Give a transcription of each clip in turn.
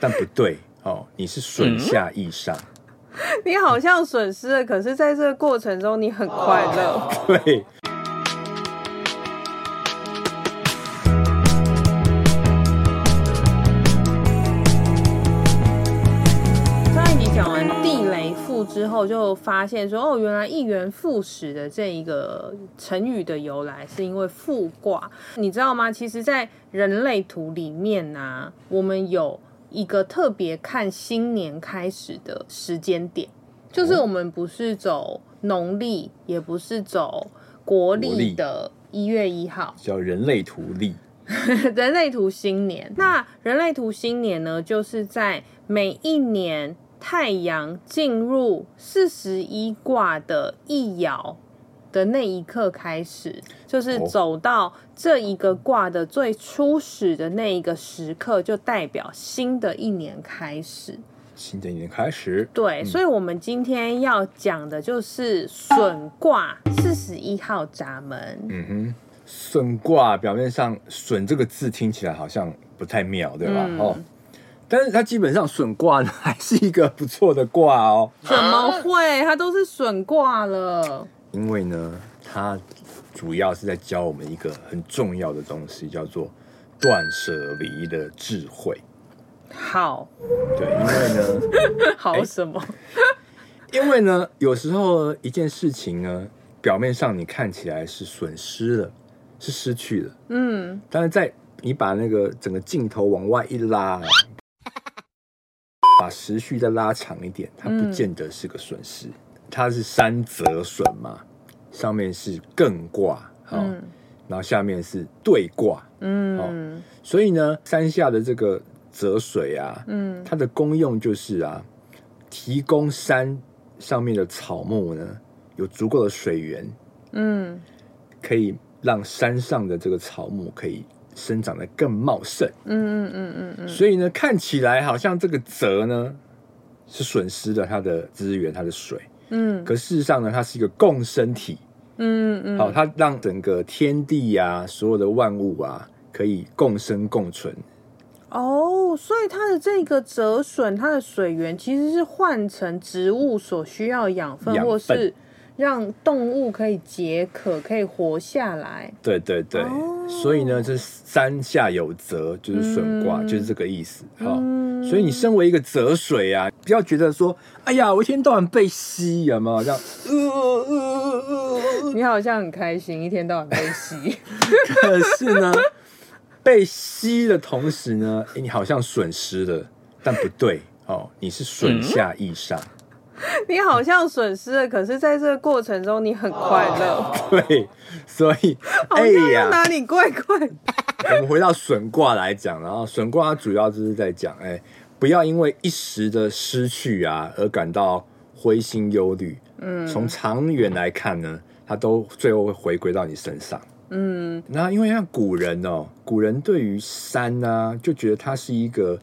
但不對哦，你是損下益上，嗯。你好像損失了，可是在這個過程中你很快樂。哦，好好對。在你講完地雷復之後，就發現說，哦，原來一元復始的這一個成語的由來是因為復卦，你知道嗎？其實，在人類圖裡面呢，啊，我們有。一個特別看新年開始的時間點，就是我們不是走農曆，也不是走國曆的一月一號，叫人類圖曆， 人類圖新年。那人類圖新年呢，就是在每一年太陽進入四十一卦的一爻。的那一刻開始，就是走到這一個卦的最初始的那一個時刻，就代表新的一年開始。新的一年開始，對，嗯、所以我們今天要講的就是損卦四十一號閘門。嗯哼，損卦表面上損這個字聽起來好像不太妙，對吧？嗯、哦，但是它基本上損卦呢還是一個不錯的卦哦。怎麼會？它都是損卦了。因為呢，它主要是在教我們一個很重要的東西，叫做斷捨離的智慧。好，對，因為呢， 好什麼？因為呢，有時候一件事情呢，表面上你看起來是損失了，是失去了，嗯，但是在你把那個整個鏡頭往外一拉， 把時序再拉長一點，它不見得是個損失。嗯它是山澤損嘛，上面是艮卦，哦嗯、然後下面是兌卦，嗯、哦，所以呢，山下的這個澤水啊，嗯，它的功用就是啊，提供山上面的草木呢有足夠的水源，嗯，可以讓山上的這個草木可以生長得更茂盛，嗯嗯嗯嗯嗯，所以呢，看起來好像這個澤呢是損失了它的資源，它的水。嗯，可事實上呢，它是一個共生體。嗯嗯，嗯好，它讓整個天地呀，啊，所有的萬物啊，可以共生共存。哦，所以它的這個折損，它的水源其實是換成植物所需要的養分，分或是。讓動物可以解渴，可以活下來。對對對，哦、所以呢，這、就是、山下有澤就是損卦，嗯、就是這個意思、嗯哦。所以你身為一個澤水啊，不要覺得說，哎呀，我一天到晚被吸，好像呃呃呃，呃呃你好像很開心，一天到晚被吸。 可是呢， 被吸的同時呢，你好像損失了，但不對，哦，你是損下益上。嗯你好像損失了，可是在這個過程中你很快樂。Oh. 對，所以哎呀哪裡怪怪的、欸。我們回到損卦來講，然後損卦它主要就是在講，哎、欸，不要因為一時的失去啊而感到灰心憂慮。嗯，從長遠來看呢，它都最後會回歸到你身上。嗯，那因為像古人哦、喔，古人對於山呢、啊，就覺得它是一個。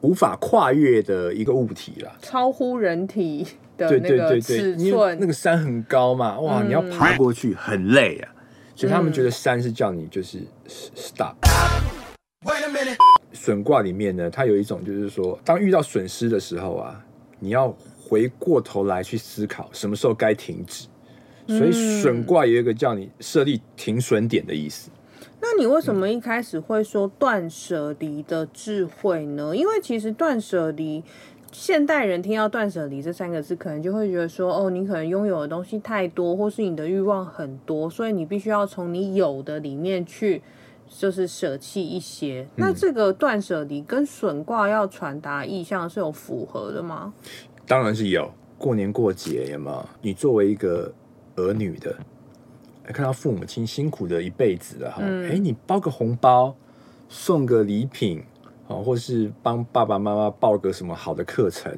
無法跨越的一個物體了，超乎人體的那個尺寸。對對對對，你那個山很高嘛，哇，嗯、你要爬過去很累啊，所以他們覺得山是叫你就是 stop wait a minute。嗯、損卦裡面呢，它有一種就是說，當遇到損失的時候啊，你要回過頭來去思考什麼時候該停止，所以損卦有一個叫你設立停損點的意思。那你為什麼一開始會說斷捨離的智慧呢？因為其實斷捨離，現代人聽到斷捨離這三個字，可能就會覺得說，哦，你可能擁有的東西太多，或是你的慾望很多，所以你必須要從你有的裡面去，就是捨棄一些。嗯，那這個斷捨離跟損卦要傳達意象是有符合的嗎？當然是有，過年過節嘛，你作為一個兒女的。看到父母親辛苦了一輩子了哈，哎、嗯，你包個紅包，送個禮品，哦、或是幫爸爸媽媽報個什麼好的課程，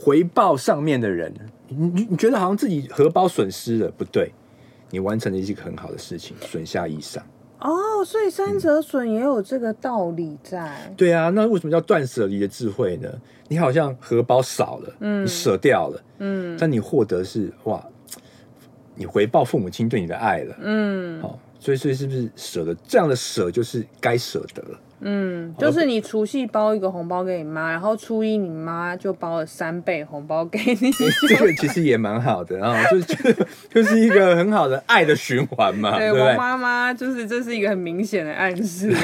回報上面的人，你你覺得好像自己荷包損失了，不對，你完成了一些很好的事情，損下益上哦，所以三者損也有這個道理在、嗯。對啊，那為什麼叫斷舍離的智慧呢？你好像荷包少了，嗯，你舍掉了，嗯，但你獲得是哇。你回報父母親對你的愛了，嗯，好、哦，所以所以是不是捨得這樣的捨就是該捨得了，嗯，就是你除夕包一個紅包給你媽，然後初一你媽就包了三倍紅包給你，這個其實也蠻好的啊，就是就是就是一個很好的愛的循環嘛，對，對對我媽媽就是這是一個很明顯的暗示。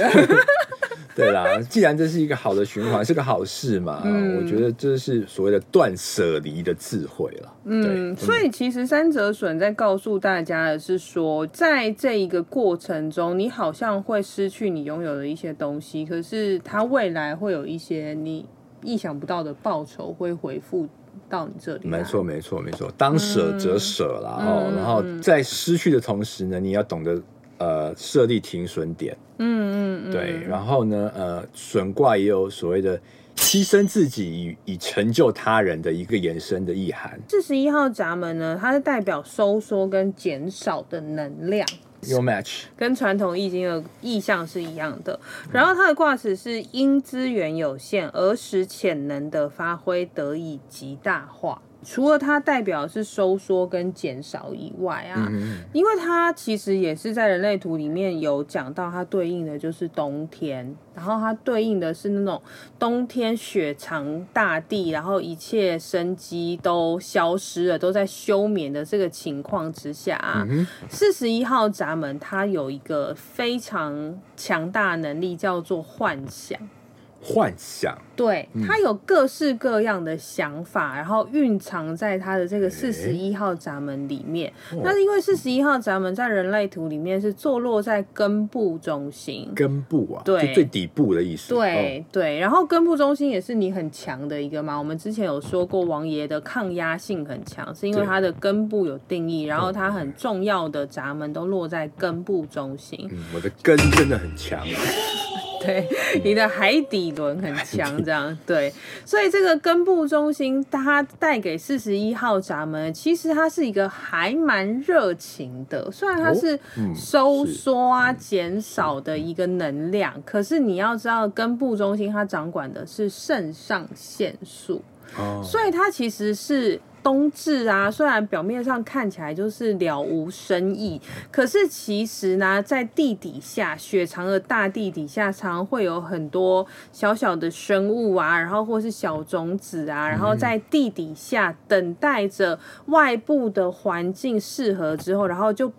對啦，既然這是一個好的循環，是個好事嘛，嗯、我覺得這是所謂的斷捨離的智慧了。對，嗯，所以其實澤山損在告訴大家的是說，在這一個過程中，你好像會失去你擁有的一些東西，可是它未來會有一些你意想不到的報酬會回復到你這裡。沒錯。沒錯，沒錯，沒錯，當捨則捨、嗯哦、然後在失去的同時呢，你要懂得。呃，設立停損點，嗯嗯，對，然後呢，呃，損卦也有所謂的犧牲自己以以成就他人的一個延伸的意涵。四十一號閘門呢，它是代表收縮跟減少的能量，有 'll match 跟傳統易經的意象是一樣的。然後它的卦辭是因資源有限而使潛能的發揮得以極大化。除了它代表是收縮跟減少以外啊，嗯、哼因為它其實也是在人類圖裡面有講到，它對應的就是冬天，然後它對應的是那種冬天雪藏大地，然後一切生機都消失了，都在休眠的這個情況之下啊，四十一號閘門它有一個非常強大能力，叫做幻想。幻想，對、嗯、他有各式各樣的想法，然後蘊藏在他的這個四十一號閘門裡面。那、欸哦、是因為四十一號閘門在人類圖裡面是坐落在根部中心，根部啊，對最底部的意思。對、哦、對，然後根部中心也是你很強的一個嘛。我們之前有說過，王爺的抗壓性很強，是因為他的根部有定義，然後他很重要的閘門都落在根部中心。嗯，我的根真的很強。 對，你的海底輪很強，這樣對，所以這個根部中心它帶給四十一號閘門，其實它是一個還蠻熱情的，雖然它是收縮啊減少的一個能量，哦嗯是嗯、是，可是你要知道根部中心它掌管的是腎上腺素。Oh. 所以它其實是冬至啊，雖然表面上看起來就是了無生意，可是其實呢，在地底下，雪藏的大地底下，常常會有很多小小的生物啊，然後或是小種子啊，然後在地底下等待着外部的環境適合之後，然後就嘣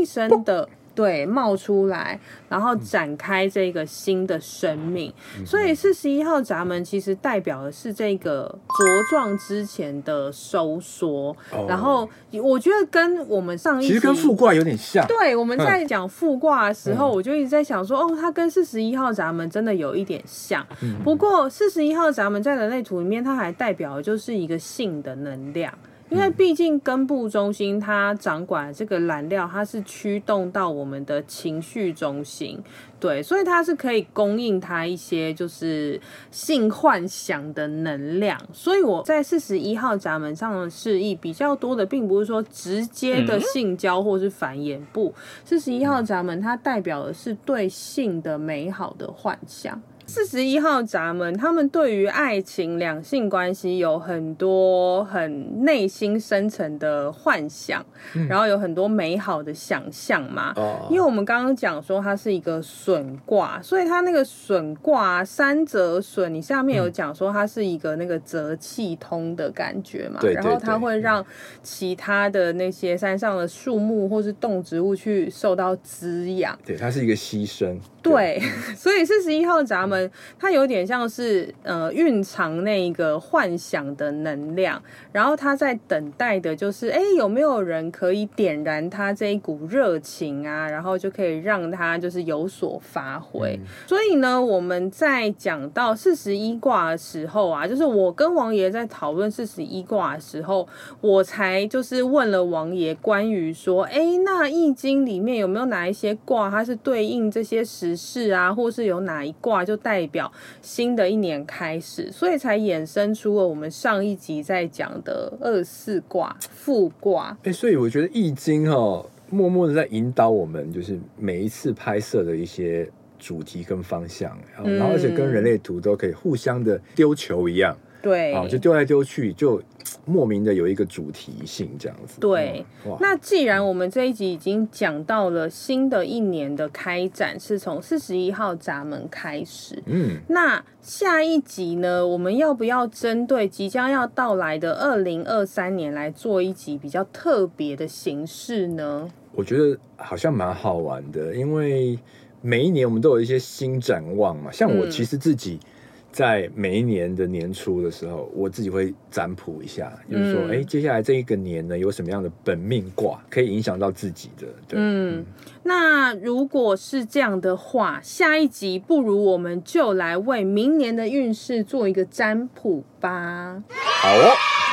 一聲的。對，冒出來，然後展開這個新的生命。所以四十一號閘門其實代表的是這個茁壯之前的收縮。哦、然後我覺得跟我們上一集其實跟復卦有點像。對，我們在講復卦的時候，嗯、我就一直在想說，哦，它跟四十一號閘門真的有一點像。不過四十一號閘門在人類圖裡面，它還代表的就是一個性的能量。因為畢竟根部中心它掌管這個燃料，它是驅動到我們的情緒中心，對，所以它是可以供應它一些就是性幻想的能量。所以我在四十一號閘門上的示意比較多的，並不是說直接的性交或是繁衍，不，四十一號閘門它代表的是對性的美好的幻想。四十一號閘門，他們對於愛情、兩性關係有很多很內心深層的幻想，嗯、然後有很多美好的想象嘛。哦。因為我們剛剛講說它是一個損卦，所以它那個損卦山澤損，你下面有講說它是一個那個澤氣通的感覺嘛。嗯、然後它會讓其他的那些山上的樹木或是動植物去受到滋養。對，它是一個犧牲。對，對所以四十一號閘門。嗯它有點像是呃蘊藏那個幻想的能量，然後他在等待的就是，哎，有沒有人可以點燃他這一股熱情啊？然後就可以讓他就是有所發揮。嗯。所以呢，我們在講到四十一卦的時候啊，就是我跟王爺在討論四十一卦的時候，我才就是問了王爺關於說，哎，那《易經》裡面有沒有哪一些卦它是對應這些時事啊？或是有哪一卦就帶。代表新的一年開始，所以才衍生出了我們上一集在講的二四卦、復卦。哎、欸，所以我覺得《易經、哦》哈，默默的在引導我們，就是每一次拍攝的一些主題跟方向，嗯、然後而且跟人類圖都可以互相的丟球一樣，對，啊、哦，就丟來丟去就。莫名的有一個主題性這樣子，對，哇，那既然我們這一集已經講到了新的一年的開展，嗯，是從四十一號閘門開始，嗯，那下一集呢，我們要不要針對即將要到來的二零二三年來做一集比較特別的形式呢？我覺得好像蠻好玩的，因為每一年我們都有一些新展望嘛，像我其實自己。嗯在每一年的年初的時候，我自己會占卜一下，就是說，哎，嗯，欸，接下來這一個年呢，有什麼樣的本命卦可以影響到自己的？對。嗯，嗯。那如果是這樣的話，下一集不如我們就來為明年的運勢做一個占卜吧。好。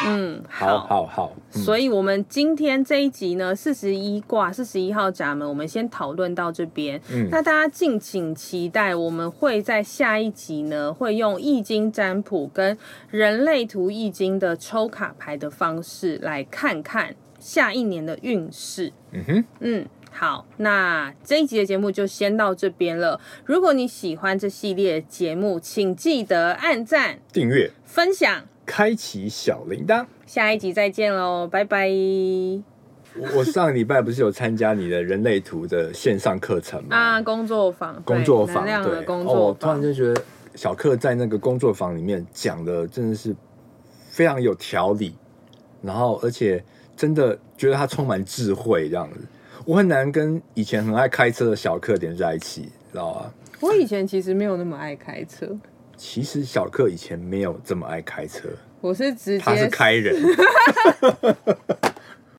嗯，好,好，好，好，嗯，所以我們今天這一集呢，四十一卦，四十一號閘門，我們先討論到這邊。嗯，那大家敬請期待，我們會在下一集呢，會用易經占卜跟人類圖易經的抽卡牌的方式，來看看下一年的運勢。嗯哼，嗯，好，那這一集的節目就先到這邊了。如果你喜歡這系列節目，請記得按讚、訂閱、分享。開啟小鈴鐺，下一集再見嘍，拜拜！我上禮拜不是有參加你的人類圖的線上課程嗎？啊，工作坊，工作坊，對，哦，突然間覺得小克在那個工作坊裡面講的真的是非常有條理，然後而且真的覺得他充滿智慧，這樣子，我很難跟以前很愛開車的小克連在一起，知道嗎？我以前其實沒有那麼愛開車。其實小克以前沒有這麼愛開車，我是直接，他是開人。